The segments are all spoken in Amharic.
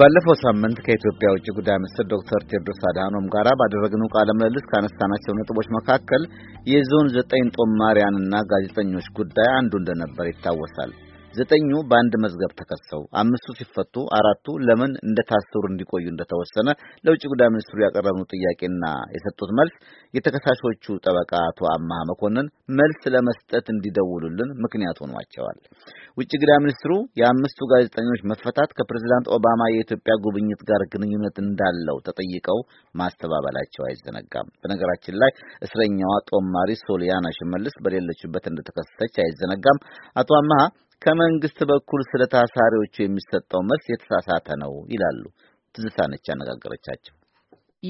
ባለፈው ሳምንት ከኢትዮጵያ ውጭ ጉዳይ ሚኒስትር ዶክተር ቴዎድሮስ አድሃኖም ጋር ባደረግነው ቃለ ምልልስ ካነሳናቸው ነጥቦች መካከል የዞን ዘጠኝ ጦማሪያንና ጋዜጠኞች ጉዳይ አንዱ እንደነበር ይታወሳል። ዘጠኙ በአንድ መዝገብ ተከሰው አምስቱ ሲፈቱ አራቱ ለምን እንደታሰሩ እንዲቆዩ እንደተወሰነ ለውጭ ጉዳይ ሚኒስትሩ ያቀረብነው ጥያቄና የሰጡት መልስ የተከሳሾቹ ጠበቃ አቶ አማሃ መኮንን መልስ ለመስጠት እንዲደውሉልን ምክንያት ሆኗቸዋል። ውጭ ጉዳይ ሚኒስትሩ የአምስቱ ጋዜጠኞች መፈታት ከፕሬዝዳንት ኦባማ የኢትዮጵያ ጉብኝት ጋር ግንኙነት እንዳለው ተጠይቀው ማስተባበላቸው አይዘነጋም። በነገራችን ላይ እስረኛዋ ጦማሪ ሶሊያና ሽመልስ በሌለችበት እንደተከሰተች አይዘነጋም። አቶ አማሃ ከመንግስት በኩል ስለ ታሳሪዎቹ የሚሰጠው መልስ የተሳሳተ ነው ይላሉ። ነች ያነጋገረቻቸው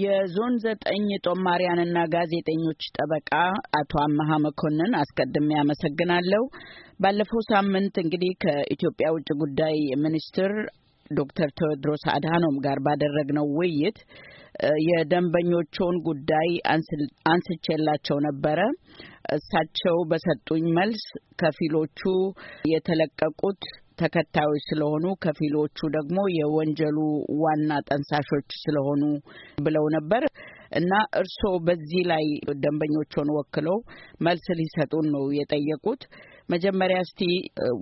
የዞን ዘጠኝ ጦማሪያንና ጋዜጠኞች ጠበቃ አቶ አመሀ መኮንን አስቀድሜ ያመሰግናለሁ። ባለፈው ሳምንት እንግዲህ ከኢትዮጵያ ውጭ ጉዳይ ሚኒስትር ዶክተር ቴዎድሮስ አድሃኖም ጋር ባደረግነው ውይይት የደንበኞቹን ጉዳይ አንስቼላቸው ነበረ። እሳቸው በሰጡኝ መልስ ከፊሎቹ የተለቀቁት ተከታዮች ስለሆኑ ከፊሎቹ ደግሞ የወንጀሉ ዋና ጠንሳሾች ስለሆኑ ብለው ነበር እና እርስዎ በዚህ ላይ ደንበኞቹን ወክለው መልስ ሊሰጡን ነው የጠየቁት። መጀመሪያ እስቲ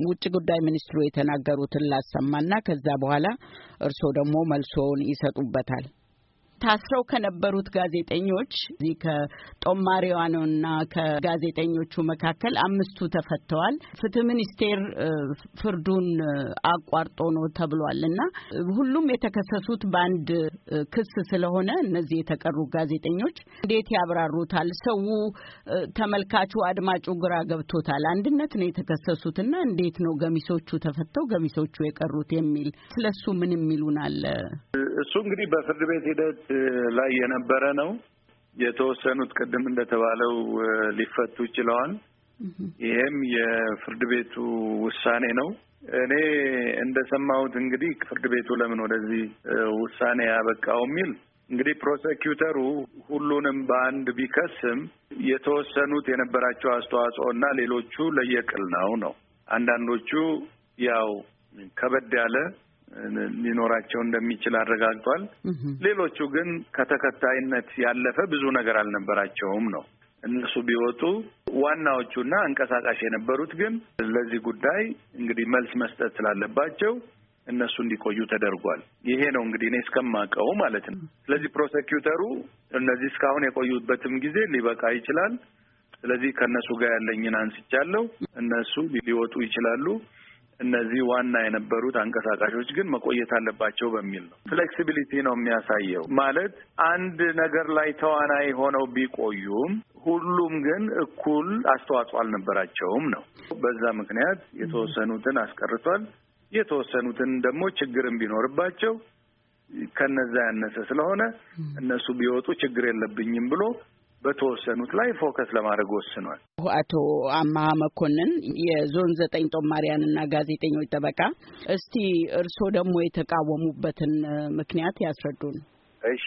ውጭ ጉዳይ ሚኒስትሩ የተናገሩትን ላሰማና ከዛ በኋላ እርስዎ ደግሞ መልሶውን ይሰጡበታል። ታስረው ከነበሩት ጋዜጠኞች እዚህ እና ከጋዜጠኞቹ መካከል አምስቱ ተፈተዋል። ፍትህ ሚኒስቴር ፍርዱን አቋርጦ ነው ተብሏል እና ሁሉም የተከሰሱት በአንድ ክስ ስለሆነ እነዚህ የተቀሩ ጋዜጠኞች እንዴት ያብራሩታል? ሰው ተመልካቹ፣ አድማጩ ግራ ገብቶታል። አንድነት ነው የተከሰሱት የተከሰሱትና እንዴት ነው ገሚሶቹ ተፈተው ገሚሶቹ የቀሩት የሚል ስለሱ ምን የሚሉን አለ? እሱ እንግዲህ በፍርድ ቤት ሂደት ላይ የነበረ ነው። የተወሰኑት ቅድም እንደተባለው ሊፈቱ ይችለዋል። ይሄም የፍርድ ቤቱ ውሳኔ ነው። እኔ እንደሰማሁት እንግዲህ ፍርድ ቤቱ ለምን ወደዚህ ውሳኔ ያበቃው የሚል እንግዲህ ፕሮሰኪውተሩ ሁሉንም በአንድ ቢከስም የተወሰኑት የነበራቸው አስተዋጽኦ እና ሌሎቹ ለየቅል ነው ነው አንዳንዶቹ ያው ከበድ ያለ ሊኖራቸው እንደሚችል አረጋግጧል። ሌሎቹ ግን ከተከታይነት ያለፈ ብዙ ነገር አልነበራቸውም ነው እነሱ ቢወጡ ዋናዎቹና አንቀሳቃሽ የነበሩት ግን ለዚህ ጉዳይ እንግዲህ መልስ መስጠት ስላለባቸው እነሱ እንዲቆዩ ተደርጓል። ይሄ ነው እንግዲህ እኔ እስከማውቀው ማለት ነው። ስለዚህ ፕሮሰኪውተሩ እነዚህ እስካሁን የቆዩበትም ጊዜ ሊበቃ ይችላል። ስለዚህ ከእነሱ ጋር ያለኝን አንስቻለሁ። እነሱ ሊወጡ ይችላሉ። እነዚህ ዋና የነበሩት አንቀሳቃሾች ግን መቆየት አለባቸው በሚል ነው። ፍሌክሲቢሊቲ ነው የሚያሳየው ማለት አንድ ነገር ላይ ተዋናይ ሆነው ቢቆዩም ሁሉም ግን እኩል አስተዋጽኦ አልነበራቸውም ነው። በዛ ምክንያት የተወሰኑትን አስቀርቷል። የተወሰኑትን ደግሞ ችግርም ቢኖርባቸው ከነዛ ያነሰ ስለሆነ እነሱ ቢወጡ ችግር የለብኝም ብሎ በተወሰኑት ላይ ፎከስ ለማድረግ ወስኗል። አቶ አማሀ መኮንን የዞን ዘጠኝ ጦማሪያንና ጋዜጠኞች ጠበቃ፣ እስቲ እርስዎ ደግሞ የተቃወሙበትን ምክንያት ያስረዱን። እሺ፣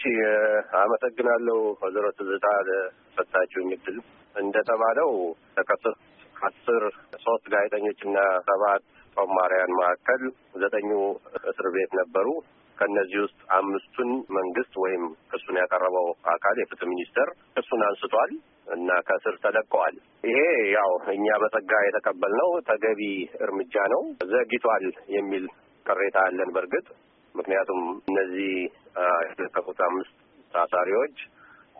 አመሰግናለሁ ወይዘሮ ትዝታ ለሰጣችሁኝ እድል። እንደተባለው ተከሰሱ አስር ሶስት ጋዜጠኞችና ሰባት ጦማሪያን መካከል ዘጠኙ እስር ቤት ነበሩ። ከእነዚህ ውስጥ አምስቱን መንግስት ወይም ክሱን ያቀረበው አካል የፍትህ ሚኒስቴር ክሱን አንስቷል እና ከስር ተለቀዋል። ይሄ ያው እኛ በጸጋ የተቀበልነው ተገቢ እርምጃ ነው። ዘግቷል የሚል ቅሬታ አለን። በእርግጥ ምክንያቱም እነዚህ የተለቀቁት አምስት ታሳሪዎች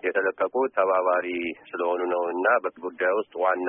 የተለቀቁት ተባባሪ ስለሆኑ ነው እና በጉዳይ ውስጥ ዋና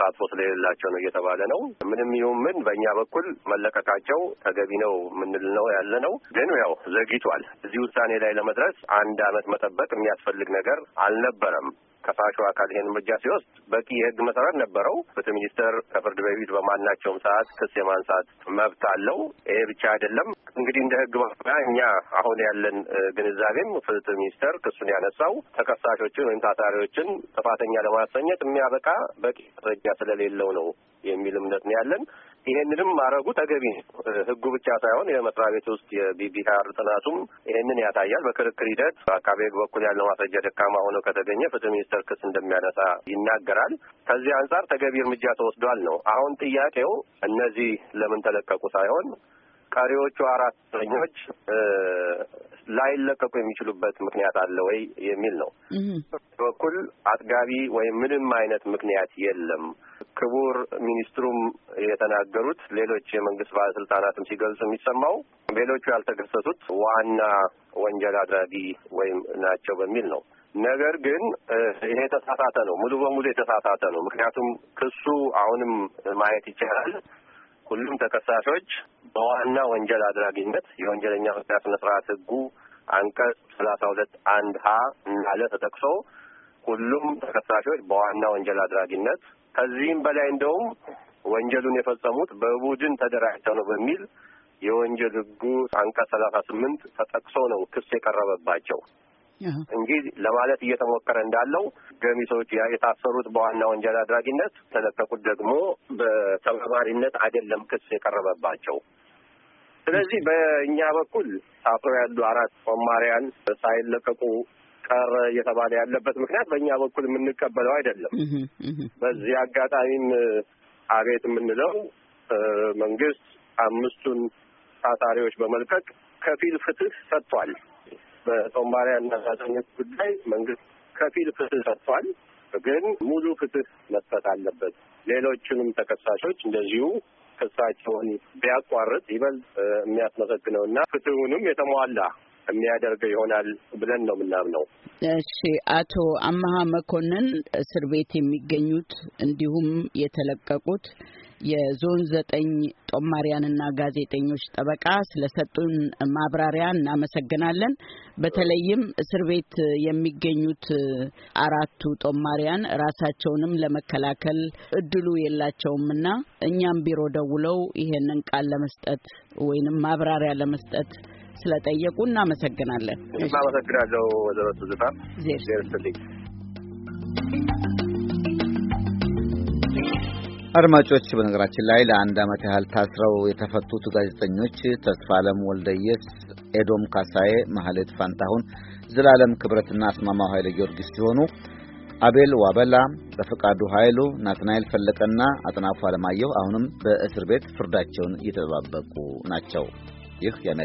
ተሳትፎ ስለሌላቸው ነው እየተባለ ነው። ምንም ይሁን ምን በእኛ በኩል መለቀቃቸው ተገቢ ነው የምንል ነው ያለ ነው። ግን ያው ዘግይቷል። እዚህ ውሳኔ ላይ ለመድረስ አንድ አመት መጠበቅ የሚያስፈልግ ነገር አልነበረም። ከሳሹ አካል ይሄን እርምጃ ሲወስድ በቂ የህግ መሰረት ነበረው። ፍትህ ሚኒስቴር ከፍርድ በፊት በማናቸውም ሰዓት ክስ የማንሳት መብት አለው። ይሄ ብቻ አይደለም። እንግዲህ እንደ ህግ ባለሙያ እኛ አሁን ያለን ግንዛቤም ፍትህ ሚኒስተር ክሱን ያነሳው ተከሳሾችን ወይም ታሳሪዎችን ጥፋተኛ ለማሰኘት የሚያበቃ በቂ መረጃ ስለሌለው ነው። የሚል እምነት ነው ያለን። ይሄንንም ማድረጉ ተገቢ ነው። ህጉ ብቻ ሳይሆን የመስሪያ ቤት ውስጥ የቢቢአር ጥናቱም ይሄንን ያሳያል። በክርክር ሂደት በአካባቢ ህግ በኩል ያለው ማስረጃ ደካማ ሆኖ ከተገኘ ፍትህ ሚኒስተር ክስ እንደሚያነሳ ይናገራል። ከዚህ አንጻር ተገቢ እርምጃ ተወስዷል ነው። አሁን ጥያቄው እነዚህ ለምን ተለቀቁ ሳይሆን ቀሪዎቹ አራት እስረኞች ላይለቀቁ የሚችሉበት ምክንያት አለ ወይ የሚል ነው። በኩል አጥጋቢ ወይም ምንም አይነት ምክንያት የለም። ክቡር ሚኒስትሩም የተናገሩት ሌሎች የመንግስት ባለስልጣናትም ሲገልጹ የሚሰማው ሌሎቹ ያልተከሰሱት ዋና ወንጀል አድራጊ ወይም ናቸው በሚል ነው። ነገር ግን ይሄ የተሳሳተ ነው፣ ሙሉ በሙሉ የተሳሳተ ነው። ምክንያቱም ክሱ አሁንም ማየት ይቻላል ሁሉም ተከሳሾች በዋና ወንጀል አድራጊነት የወንጀለኛ መቅጫ ስነ ስርዓት ህጉ አንቀጽ ሰላሳ ሁለት አንድ ሀ እና ተጠቅሶ ሁሉም ተከሳሾች በዋና ወንጀል አድራጊነት ከዚህም በላይ እንደውም ወንጀሉን የፈጸሙት በቡድን ተደራጅተው ነው በሚል የወንጀል ህጉ አንቀጽ ሰላሳ ስምንት ተጠቅሶ ነው ክስ የቀረበባቸው እንጂ ለማለት እየተሞከረ እንዳለው ገሚሶች የታሰሩት በዋና ወንጀል አድራጊነት፣ ተለቀቁት ደግሞ በተባባሪነት አይደለም ክስ የቀረበባቸው። ስለዚህ በእኛ በኩል ታስረው ያሉ አራት ጦማሪያን ሳይለቀቁ ቀረ እየተባለ ያለበት ምክንያት በእኛ በኩል የምንቀበለው አይደለም። በዚህ አጋጣሚም አቤት የምንለው መንግስት አምስቱን ታሳሪዎች በመልቀቅ ከፊል ፍትህ ሰጥቷል። በጦማሪያን እና ጋዜጠኞች ጉዳይ መንግስት ከፊል ፍትህ ሰጥቷል፣ ግን ሙሉ ፍትህ መስጠት አለበት። ሌሎችንም ተከሳሾች እንደዚሁ ክሳቸውን ቢያቋርጥ ይበልጥ የሚያስመሰግነው እና ፍትሁንም የተሟላ የሚያደርገው ይሆናል ብለን ነው የምናምነው። እሺ፣ አቶ አመሀ መኮንን እስር ቤት የሚገኙት እንዲሁም የተለቀቁት የዞን ዘጠኝ ጦማሪያንና ጋዜጠኞች ጠበቃ ስለሰጡን ማብራሪያ እናመሰግናለን። በተለይም እስር ቤት የሚገኙት አራቱ ጦማሪያን ራሳቸውንም ለመከላከል እድሉ የላቸውም እና እኛም ቢሮ ደውለው ይሄንን ቃል ለመስጠት ወይንም ማብራሪያ ለመስጠት ስለጠየቁ እናመሰግናለን። እናመሰግናለሁ ወይዘሮ ትዝታ አድማጮች፣ በነገራችን ላይ ለአንድ ዓመት ያህል ታስረው የተፈቱት ጋዜጠኞች ተስፋ ዓለም ወልደየስ፣ ኤዶም ካሳዬ፣ ማህሌት ፋንታሁን፣ ዘላለም ክብረትና አስማማው ኃይለ ጊዮርጊስ ሲሆኑ አቤል ዋበላ፣ በፈቃዱ ኃይሉ፣ ናትናኤል ፈለቀና አጥናፉ አለማየሁ አሁንም በእስር ቤት ፍርዳቸውን እየተጠባበቁ ናቸው። ይህ የአሜሪካ